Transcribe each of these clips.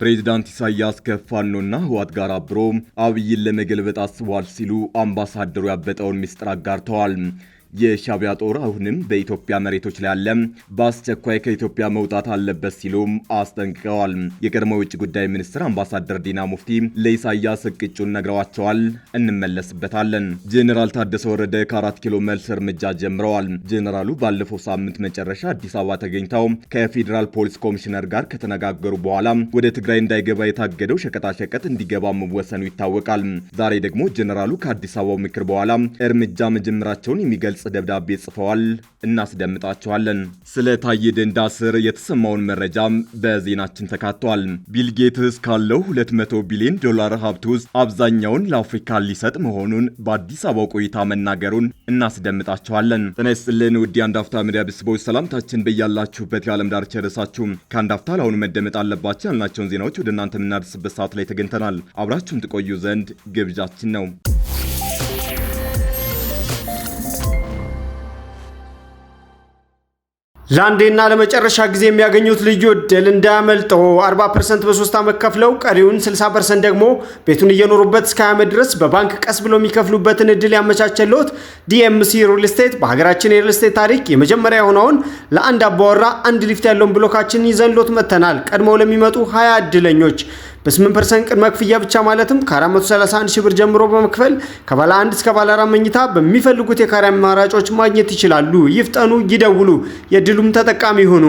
ፕሬዚዳንት ኢሳያስ ከፋኖና ህዋት ጋር አብሮ አብይን ለመገልበጥ አስቧል ሲሉ አምባሳደሩ ያበጠውን ምስጢር አጋርተዋል። የሻቢያ ጦር አሁንም በኢትዮጵያ መሬቶች ላይ አለ፣ በአስቸኳይ ከኢትዮጵያ መውጣት አለበት ሲሉም አስጠንቅቀዋል። የቀድሞ የውጭ ጉዳይ ሚኒስትር አምባሳደር ዲና ሙፍቲ ለኢሳያስ እቅጩን ነግረዋቸዋል። እንመለስበታለን። ጄኔራል ታደሰ ወረደ ከአራት ኪሎ መልስ እርምጃ ጀምረዋል። ጄኔራሉ ባለፈው ሳምንት መጨረሻ አዲስ አበባ ተገኝተው ከፌዴራል ፖሊስ ኮሚሽነር ጋር ከተነጋገሩ በኋላ ወደ ትግራይ እንዳይገባ የታገደው ሸቀጣሸቀጥ እንዲገባ መወሰኑ ይታወቃል። ዛሬ ደግሞ ጄኔራሉ ከአዲስ አበባው ምክር በኋላ እርምጃ መጀመራቸውን የሚገልጽ ደብዳቤ ጽፈዋል። እናስደምጣቸዋለን። ስለ ታዬ ደንዳ ስር የተሰማውን መረጃም በዜናችን ተካቷል። ቢልጌትስ ካለው 200 ቢሊዮን ዶላር ሀብት ውስጥ አብዛኛውን ለአፍሪካ ሊሰጥ መሆኑን በአዲስ አበባ ቆይታ መናገሩን እናስደምጣቸዋለን። ጤና ይስጥልን ውድ የአንድ አፍታ ሚዲያ ቤተሰቦች ሰላምታችን በያላችሁበት የዓለም ዳርቻ የደረሳችሁ ከአንድ አፍታ ለአሁኑ መደመጥ አለባቸው ያልናቸውን ዜናዎች ወደ እናንተ የምናደርስበት ሰዓት ላይ ተገኝተናል። አብራችሁን ትቆዩ ዘንድ ግብዣችን ነው። ለአንዴና ለመጨረሻ ጊዜ የሚያገኙት ልዩ እድል እንዳያመልጠው 40 ፐርሰንት በሶስት ዓመት ከፍለው ቀሪውን 60 ፐርሰንት ደግሞ ቤቱን እየኖሩበት እስከ ዓመት ድረስ በባንክ ቀስ ብሎ የሚከፍሉበትን እድል ያመቻቸልዎት ዲኤምሲ ሪል ስቴት በሀገራችን የሪል ስቴት ታሪክ የመጀመሪያ የሆነውን ለአንድ አባወራ አንድ ሊፍት ያለውን ብሎካችን ይዘንሎት መጥተናል። ቀድሞው ለሚመጡ 20 እድለኞች በ8% ቅድመ ክፍያ ብቻ ማለትም ከ431 ብር ጀምሮ በመክፈል ከባለ 1 እስከ ባለ 4 መኝታ በሚፈልጉት የካሬ አማራጮች ማግኘት ይችላሉ። ይፍጠኑ፣ ይደውሉ፣ የድሉም ተጠቃሚ ይሁኑ።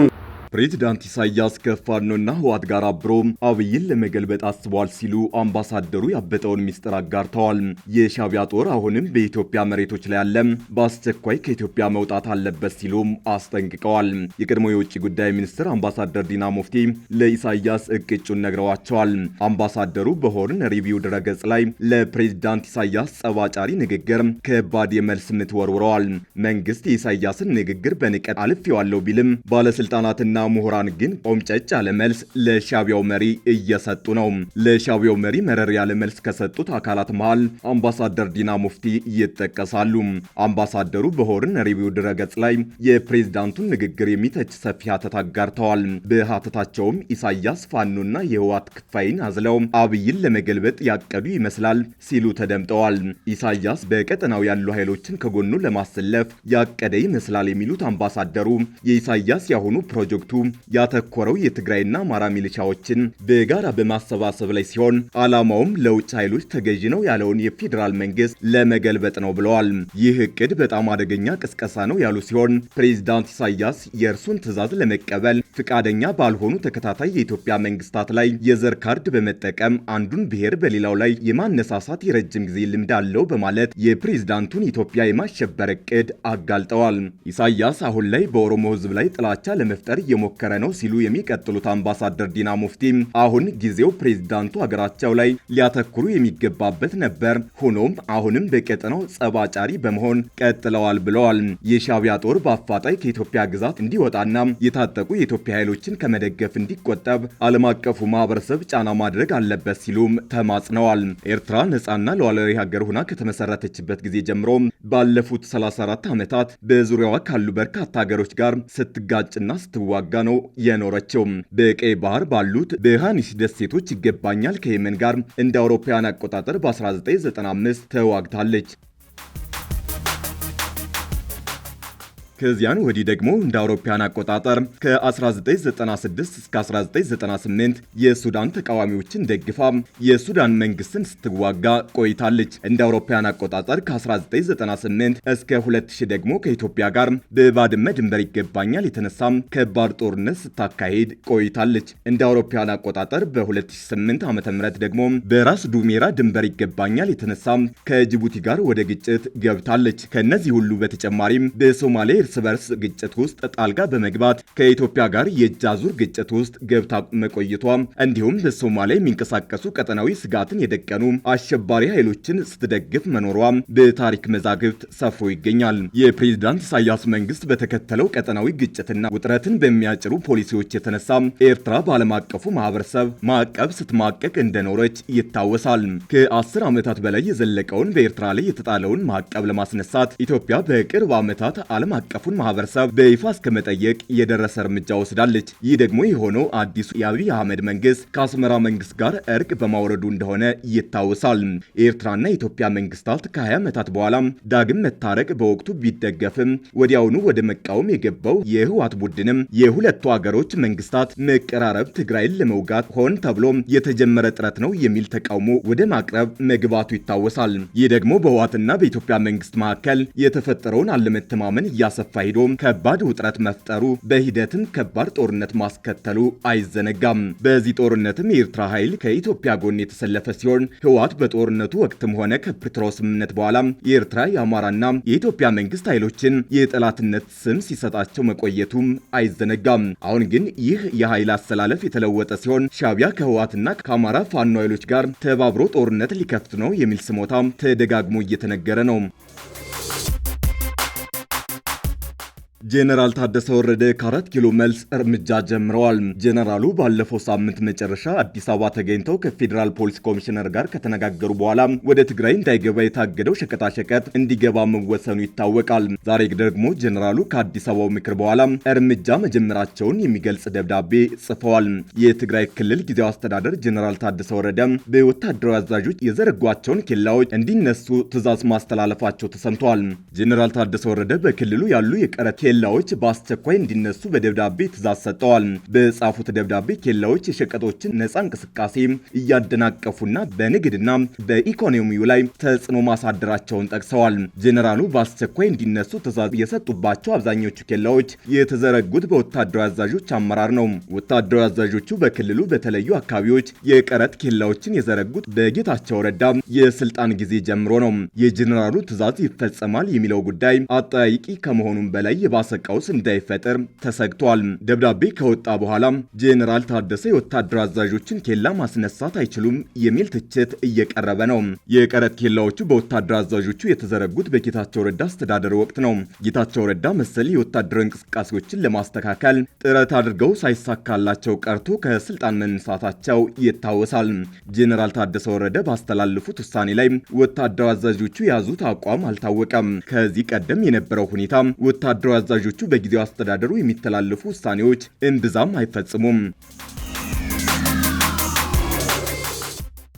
ፕሬዚዳንት ኢሳያስ ከፋኖና ህዋት ጋር አብሮ አብይን ለመገልበጥ አስቧል ሲሉ አምባሳደሩ ያበጠውን ሚስጥር አጋርተዋል። የሻቢያ ጦር አሁንም በኢትዮጵያ መሬቶች ላይ አለ፣ በአስቸኳይ ከኢትዮጵያ መውጣት አለበት ሲሉም አስጠንቅቀዋል። የቀድሞ የውጭ ጉዳይ ሚኒስትር አምባሳደር ዲና ሙፍቲ ለኢሳያስ እቅጩን ነግረዋቸዋል። አምባሳደሩ በሆርን ሪቪው ድረገጽ ላይ ለፕሬዚዳንት ኢሳያስ ጸባጫሪ ንግግር ከባድ የመልስ ምት ወርውረዋል። መንግስት የኢሳያስን ንግግር በንቀት አልፌዋለሁ ቢልም ባለስልጣናትና ምሁራን ግን ቆምጨጭ ያለ መልስ ለሻቢያው መሪ እየሰጡ ነው። ለሻቢያው መሪ መረር ያለ መልስ ከሰጡት አካላት መሃል አምባሳደር ዲና ሙፍቲ ይጠቀሳሉ። አምባሳደሩ በሆርን ሪቪው ድረገጽ ላይ የፕሬዝዳንቱን ንግግር የሚተች ሰፊ ሀተት አጋርተዋል። በሀተታቸውም ኢሳያስ ፋኖና የህወሓት ክፋይን አዝለው አብይን ለመገልበጥ ያቀዱ ይመስላል ሲሉ ተደምጠዋል። ኢሳያስ በቀጠናው ያሉ ኃይሎችን ከጎኑ ለማሰለፍ ያቀደ ይመስላል የሚሉት አምባሳደሩ የኢሳያስ ያሁኑ ፕሮጀክት በወቅቱ ያተኮረው የትግራይና አማራ ሚሊሻዎችን በጋራ በማሰባሰብ ላይ ሲሆን ዓላማውም ለውጭ ኃይሎች ተገዢ ነው ያለውን የፌዴራል መንግስት ለመገልበጥ ነው ብለዋል። ይህ እቅድ በጣም አደገኛ ቅስቀሳ ነው ያሉ ሲሆን ፕሬዚዳንት ኢሳያስ የእርሱን ትዕዛዝ ለመቀበል ፍቃደኛ ባልሆኑ ተከታታይ የኢትዮጵያ መንግስታት ላይ የዘር ካርድ በመጠቀም አንዱን ብሔር በሌላው ላይ የማነሳሳት የረጅም ጊዜ ልምድ አለው በማለት የፕሬዝዳንቱን ኢትዮጵያ የማሸበር እቅድ አጋልጠዋል። ኢሳያስ አሁን ላይ በኦሮሞ ህዝብ ላይ ጥላቻ ለመፍጠር እየሞከረ ነው ሲሉ የሚቀጥሉት አምባሳደር ዲና ሙፍቲ አሁን ጊዜው ፕሬዝዳንቱ ሀገራቸው ላይ ሊያተኩሩ የሚገባበት ነበር፣ ሆኖም አሁንም በቀጠናው ጸባጫሪ በመሆን ቀጥለዋል ብለዋል። የሻቢያ ጦር በአፋጣኝ ከኢትዮጵያ ግዛት እንዲወጣና የታጠቁ የኢትዮጵያ ኃይሎችን ከመደገፍ እንዲቆጠብ ዓለም አቀፉ ማህበረሰብ ጫና ማድረግ አለበት ሲሉም ተማጽነዋል። ኤርትራ ነጻና ሉዓላዊ ሀገር ሆና ከተመሰረተችበት ጊዜ ጀምሮ ባለፉት 34 ዓመታት በዙሪያዋ ካሉ በርካታ ሀገሮች ጋር ስትጋጭና ስትዋጋ ስትዋጋ ነው የኖረችው። በቀይ ባህር ባሉት በሃኒስ ደሴቶች ይገባኛል ከየመን ጋር እንደ አውሮፓውያን አቆጣጠር በ1995 ተዋግታለች። ከዚያን ወዲህ ደግሞ እንደ አውሮፓያን አቆጣጠር ከ1996 እስከ 1998 የሱዳን ተቃዋሚዎችን ደግፋ የሱዳን መንግስትን ስትዋጋ ቆይታለች። እንደ አውሮፓያን አቆጣጠር ከ1998 እስከ 2000 ደግሞ ከኢትዮጵያ ጋር በባድመ ድንበር ይገባኛል የተነሳ ከባድ ጦርነት ስታካሄድ ቆይታለች። እንደ አውሮፓያን አቆጣጠር በ2008 ም ደግሞ በራስ ዱሜራ ድንበር ይገባኛል የተነሳ ከጅቡቲ ጋር ወደ ግጭት ገብታለች። ከእነዚህ ሁሉ በተጨማሪም በሶማሌ የእርስ በርስ ግጭት ውስጥ ጣልቃ በመግባት ከኢትዮጵያ ጋር የእጅ አዙር ግጭት ውስጥ ገብታ መቆየቷ እንዲሁም በሶማሊያ የሚንቀሳቀሱ ቀጠናዊ ስጋትን የደቀኑ አሸባሪ ኃይሎችን ስትደግፍ መኖሯ በታሪክ መዛግብት ሰፍሮ ይገኛል። የፕሬዝዳንት ኢሳያስ መንግስት በተከተለው ቀጠናዊ ግጭትና ውጥረትን በሚያጭሩ ፖሊሲዎች የተነሳ ኤርትራ በዓለም አቀፉ ማህበረሰብ ማዕቀብ ስትማቀቅ እንደኖረች ይታወሳል። ከአስር ዓመታት በላይ የዘለቀውን በኤርትራ ላይ የተጣለውን ማዕቀብ ለማስነሳት ኢትዮጵያ በቅርብ ዓመታት ዓለም አቀፍ አቀፉን ማህበረሰብ በይፋ እስከመጠየቅ የደረሰ እርምጃ ወስዳለች። ይህ ደግሞ የሆነው አዲሱ የአብይ አህመድ መንግስት ከአስመራ መንግስት ጋር እርቅ በማውረዱ እንደሆነ ይታወሳል። የኤርትራና የኢትዮጵያ መንግስታት ከ20 ዓመታት በኋላ ዳግም መታረቅ በወቅቱ ቢደገፍም ወዲያውኑ ወደ መቃወም የገባው የህወሓት ቡድንም የሁለቱ አገሮች መንግስታት መቀራረብ ትግራይን ለመውጋት ሆን ተብሎ የተጀመረ ጥረት ነው የሚል ተቃውሞ ወደ ማቅረብ መግባቱ ይታወሳል። ይህ ደግሞ በህወሓትና በኢትዮጵያ መንግስት መካከል የተፈጠረውን አለመተማመን እያሰፋ እየከፋ ሄዶ ከባድ ውጥረት መፍጠሩ በሂደትም ከባድ ጦርነት ማስከተሉ አይዘነጋም። በዚህ ጦርነትም የኤርትራ ኃይል ከኢትዮጵያ ጎን የተሰለፈ ሲሆን ህወሓት በጦርነቱ ወቅትም ሆነ ከፕሪቶሪያው ስምምነት በኋላ የኤርትራ የአማራና የኢትዮጵያ መንግስት ኃይሎችን የጠላትነት ስም ሲሰጣቸው መቆየቱም አይዘነጋም። አሁን ግን ይህ የኃይል አሰላለፍ የተለወጠ ሲሆን ሻቢያ ከህወሓትና ከአማራ ፋኖ ኃይሎች ጋር ተባብሮ ጦርነት ሊከፍት ነው የሚል ስሞታ ተደጋግሞ እየተነገረ ነው። ጄኔራል ታደሰ ወረደ ከአራት ኪሎ መልስ እርምጃ ጀምረዋል። ጄኔራሉ ባለፈው ሳምንት መጨረሻ አዲስ አበባ ተገኝተው ከፌዴራል ፖሊስ ኮሚሽነር ጋር ከተነጋገሩ በኋላ ወደ ትግራይ እንዳይገባ የታገደው ሸቀጣሸቀጥ እንዲገባ መወሰኑ ይታወቃል። ዛሬ ደግሞ ጄኔራሉ ከአዲስ አበባው ምክር በኋላ እርምጃ መጀመራቸውን የሚገልጽ ደብዳቤ ጽፈዋል። የትግራይ ክልል ጊዜያዊ አስተዳደር ጄኔራል ታደሰ ወረደ በወታደራዊ አዛዦች የዘረጓቸውን ኬላዎች እንዲነሱ ትዕዛዝ ማስተላለፋቸው ተሰምተዋል። ጄኔራል ታደሰ ወረደ በክልሉ ያሉ የቀረቴል ኬላዎች በአስቸኳይ እንዲነሱ በደብዳቤ ትእዛዝ ሰጠዋል። በጻፉት ደብዳቤ ኬላዎች የሸቀጦችን ነጻ እንቅስቃሴ እያደናቀፉና በንግድና በኢኮኖሚው ላይ ተጽዕኖ ማሳደራቸውን ጠቅሰዋል። ጄኔራሉ በአስቸኳይ እንዲነሱ ትእዛዝ የሰጡባቸው አብዛኞቹ ኬላዎች የተዘረጉት በወታደራዊ አዛዦች አመራር ነው። ወታደራዊ አዛዦቹ በክልሉ በተለዩ አካባቢዎች የቀረጥ ኬላዎችን የዘረጉት በጌታቸው ረዳ የስልጣን ጊዜ ጀምሮ ነው። የጄኔራሉ ትእዛዝ ይፈጸማል የሚለው ጉዳይ አጠያይቂ ከመሆኑም በላይ የባ የባሰ ቀውስ እንዳይፈጠር ተሰግቷል። ደብዳቤ ከወጣ በኋላ ጄኔራል ታደሰ የወታደር አዛዦችን ኬላ ማስነሳት አይችሉም የሚል ትችት እየቀረበ ነው። የቀረጥ ኬላዎቹ በወታደር አዛዦቹ የተዘረጉት በጌታቸው ረዳ አስተዳደር ወቅት ነው። ጌታቸው ረዳ መሰል የወታደር እንቅስቃሴዎችን ለማስተካከል ጥረት አድርገው ሳይሳካላቸው ቀርቶ ከስልጣን መነሳታቸው ይታወሳል። ጄኔራል ታደሰ ወረደ ባስተላለፉት ውሳኔ ላይ ወታደር አዛዦቹ የያዙት አቋም አልታወቀም። ከዚህ ቀደም የነበረው ሁኔታ ወታደር አዛዦቹ በጊዜው አስተዳደሩ የሚተላለፉ ውሳኔዎች እምብዛም አይፈጽሙም።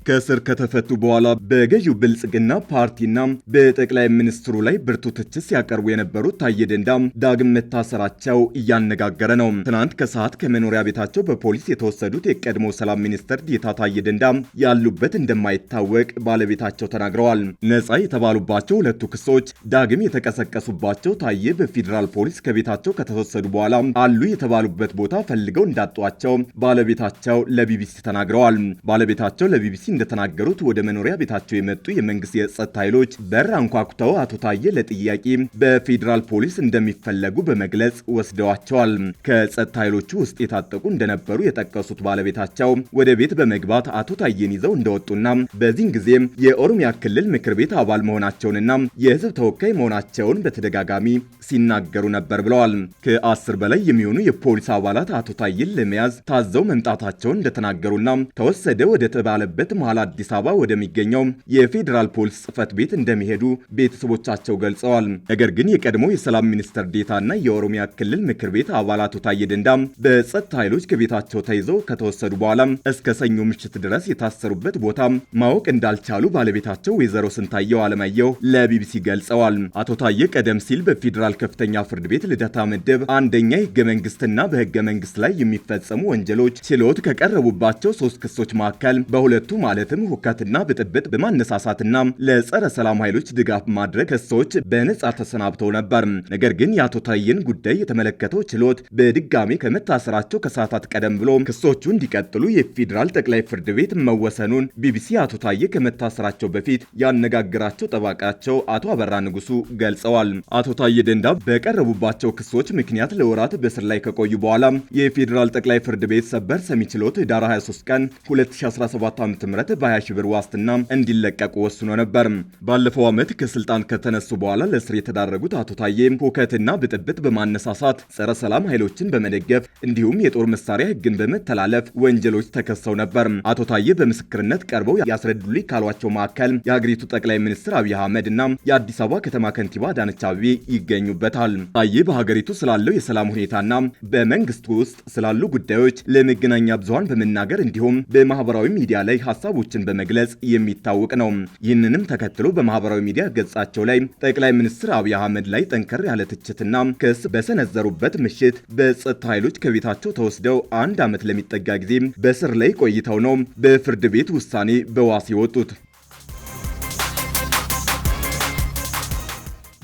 ከእስር ከተፈቱ በኋላ በገዢው ብልጽግና ፓርቲና በጠቅላይ ሚኒስትሩ ላይ ብርቱ ትችት ሲያቀርቡ የነበሩት ታዬ ደንዳ ዳግም መታሰራቸው እያነጋገረ ነው። ትናንት ከሰዓት ከመኖሪያ ቤታቸው በፖሊስ የተወሰዱት የቀድሞ ሰላም ሚኒስትር ዴኤታ ታዬ ደንዳ ያሉበት እንደማይታወቅ ባለቤታቸው ተናግረዋል። ነጻ የተባሉባቸው ሁለቱ ክሶች ዳግም የተቀሰቀሱባቸው ታዬ በፌዴራል ፖሊስ ከቤታቸው ከተወሰዱ በኋላ አሉ የተባሉበት ቦታ ፈልገው እንዳጧቸው ባለቤታቸው ለቢቢሲ ተናግረዋል። ባለቤታቸው ለቢቢሲ እንደተናገሩት ወደ መኖሪያ ቤታቸው የመጡ የመንግስት የጸጥታ ኃይሎች በር አንኳኩተው አቶ ታዬ ለጥያቄ በፌዴራል ፖሊስ እንደሚፈለጉ በመግለጽ ወስደዋቸዋል። ከጸጥታ ኃይሎቹ ውስጥ የታጠቁ እንደነበሩ የጠቀሱት ባለቤታቸው ወደ ቤት በመግባት አቶ ታዬን ይዘው እንደወጡና በዚህን ጊዜ የኦሮሚያ ክልል ምክር ቤት አባል መሆናቸውንና የህዝብ ተወካይ መሆናቸውን በተደጋጋሚ ሲናገሩ ነበር ብለዋል። ከአስር በላይ የሚሆኑ የፖሊስ አባላት አቶ ታዬን ለመያዝ ታዘው መምጣታቸውን እንደተናገሩና ተወሰደ ወደ ተባለበት በመሃል አዲስ አበባ ወደሚገኘው የፌዴራል ፖሊስ ጽህፈት ቤት እንደሚሄዱ ቤተሰቦቻቸው ገልጸዋል። ነገር ግን የቀድሞ የሰላም ሚኒስትር ዴታና የኦሮሚያ ክልል ምክር ቤት አባል አቶ ታዬ ደንዳ በጸጥታ ኃይሎች ከቤታቸው ተይዘው ከተወሰዱ በኋላ እስከ ሰኞ ምሽት ድረስ የታሰሩበት ቦታ ማወቅ እንዳልቻሉ ባለቤታቸው ወይዘሮ ስንታየው አለማየሁ ለቢቢሲ ገልጸዋል። አቶ ታዬ ቀደም ሲል በፌዴራል ከፍተኛ ፍርድ ቤት ልደታ ምድብ አንደኛ የህገ መንግስትና በህገ መንግስት ላይ የሚፈጸሙ ወንጀሎች ችሎት ከቀረቡባቸው ሶስት ክሶች መካከል በሁለቱ ማለትም ሁከትና ብጥብጥ በማነሳሳትና ለጸረ ሰላም ኃይሎች ድጋፍ ማድረግ ክሶች በነጻ ተሰናብተው ነበር። ነገር ግን የአቶ ታዬን ጉዳይ የተመለከተው ችሎት በድጋሚ ከመታሰራቸው ከሰዓታት ቀደም ብሎ ክሶቹ እንዲቀጥሉ የፌዴራል ጠቅላይ ፍርድ ቤት መወሰኑን ቢቢሲ አቶ ታዬ ከመታሰራቸው በፊት ያነጋግራቸው ጠባቃቸው አቶ አበራ ንጉሱ ገልጸዋል። አቶ ታዬ ደንዳ በቀረቡባቸው ክሶች ምክንያት ለወራት በእስር ላይ ከቆዩ በኋላ የፌዴራል ጠቅላይ ፍርድ ቤት ሰበር ሰሚ ችሎት ዳራ 23 ቀን 2017 ዓ.ም በ20 ሺህ ብር ዋስትና እንዲለቀቁ ወስኖ ነበር። ባለፈው ዓመት ከስልጣን ከተነሱ በኋላ ለእስር የተዳረጉት አቶ ታዬ ሁከትና ብጥብጥ በማነሳሳት ጸረ ሰላም ኃይሎችን በመደገፍ እንዲሁም የጦር መሳሪያ ህግን በመተላለፍ ወንጀሎች ተከሰው ነበር። አቶ ታዬ በምስክርነት ቀርበው ያስረዱልኝ ካሏቸው መካከል የሀገሪቱ ጠቅላይ ሚኒስትር አብይ አህመድ እና የአዲስ አበባ ከተማ ከንቲባ አዳነች አቤቤ ይገኙበታል። ታዬ በሀገሪቱ ስላለው የሰላም ሁኔታና በመንግስቱ ውስጥ ስላሉ ጉዳዮች ለመገናኛ ብዙሃን በመናገር እንዲሁም በማህበራዊ ሚዲያ ላይ ሀሳብ ሀሳቦችን በመግለጽ የሚታወቅ ነው። ይህንንም ተከትሎ በማህበራዊ ሚዲያ ገጻቸው ላይ ጠቅላይ ሚኒስትር አብይ አህመድ ላይ ጠንከር ያለ ትችትና ክስ በሰነዘሩበት ምሽት በጸጥታ ኃይሎች ከቤታቸው ተወስደው አንድ ዓመት ለሚጠጋ ጊዜ በስር ላይ ቆይተው ነው በፍርድ ቤት ውሳኔ በዋስ የወጡት።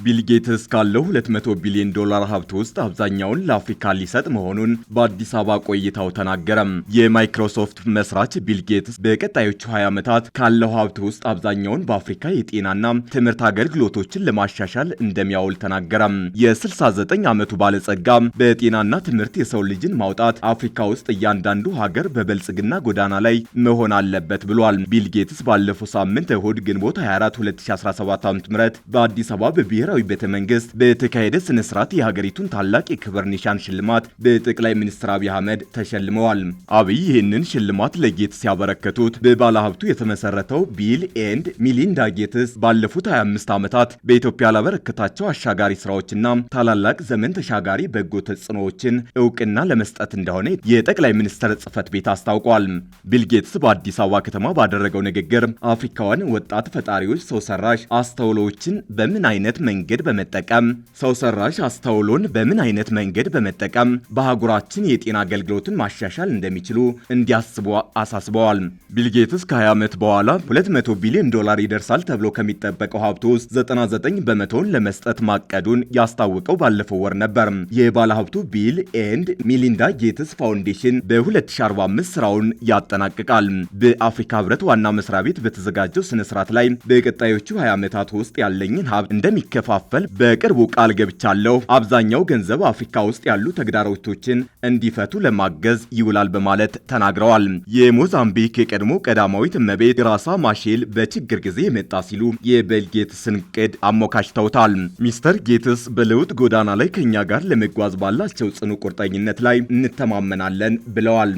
ቢል ጌትስ ካለው 200 ቢሊዮን ዶላር ሀብት ውስጥ አብዛኛውን ለአፍሪካ ሊሰጥ መሆኑን በአዲስ አበባ ቆይታው ተናገረም። የማይክሮሶፍት መስራች ቢል ጌትስ በቀጣዮቹ 20 ዓመታት ካለው ሀብት ውስጥ አብዛኛውን በአፍሪካ የጤናና ትምህርት አገልግሎቶችን ለማሻሻል እንደሚያውል ተናገረም። የ69 ዓመቱ ባለጸጋ በጤናና ትምህርት የሰው ልጅን ማውጣት አፍሪካ ውስጥ እያንዳንዱ ሀገር በበልጽግና ጎዳና ላይ መሆን አለበት ብሏል። ቢል ጌትስ ባለፈው ሳምንት እሁድ ግንቦት 24 2017 ዓ.ም በአዲስ አበባ በብሔር ብሔራዊ ቤተ መንግስት በተካሄደ ስነ ስርዓት የሀገሪቱን ታላቅ የክብር ኒሻን ሽልማት በጠቅላይ ሚኒስትር አብይ አህመድ ተሸልመዋል። አብይ ይህንን ሽልማት ለጌትስ ሲያበረከቱት፣ በባለሀብቱ የተመሰረተው ቢል ኤንድ ሚሊንዳ ጌትስ ባለፉት 25 ዓመታት በኢትዮጵያ ላበረከታቸው አሻጋሪ ስራዎችና ታላላቅ ዘመን ተሻጋሪ በጎ ተጽዕኖዎችን እውቅና ለመስጠት እንደሆነ የጠቅላይ ሚኒስትር ጽህፈት ቤት አስታውቋል። ቢል ጌትስ በአዲስ አበባ ከተማ ባደረገው ንግግር አፍሪካውያን ወጣት ፈጣሪዎች ሰው ሰራሽ አስተውሎዎችን በምን አይነት መንገድ መንገድ በመጠቀም ሰው ሰራሽ አስተውሎን በምን አይነት መንገድ በመጠቀም በአህጉራችን የጤና አገልግሎትን ማሻሻል እንደሚችሉ እንዲያስቡ አሳስበዋል። ቢልጌትስ ከ20 ዓመት በኋላ 200 ቢሊዮን ዶላር ይደርሳል ተብሎ ከሚጠበቀው ሀብቱ ውስጥ 99 በመቶውን ለመስጠት ማቀዱን ያስታወቀው ባለፈው ወር ነበር። የባለ ሀብቱ ቢል ኤንድ ሚሊንዳ ጌትስ ፋውንዴሽን በ2045 ስራውን ያጠናቅቃል። በአፍሪካ ህብረት ዋና መስሪያ ቤት በተዘጋጀው ስነስርዓት ላይ በቀጣዮቹ 20 ዓመታት ውስጥ ያለኝን ሀብት እንደሚከፋ ለማከፋፈል በቅርቡ ቃል ገብቻለሁ። አብዛኛው ገንዘብ አፍሪካ ውስጥ ያሉ ተግዳሮቶችን እንዲፈቱ ለማገዝ ይውላል በማለት ተናግረዋል። የሞዛምቢክ የቀድሞ ቀዳማዊት እመቤት ግራሳ ማሼል በችግር ጊዜ የመጣ ሲሉ የቢል ጌትስን ቅድ አሞካሽተውታል። ሚስተር ጌትስ በለውጥ ጎዳና ላይ ከኛ ጋር ለመጓዝ ባላቸው ጽኑ ቁርጠኝነት ላይ እንተማመናለን ብለዋል።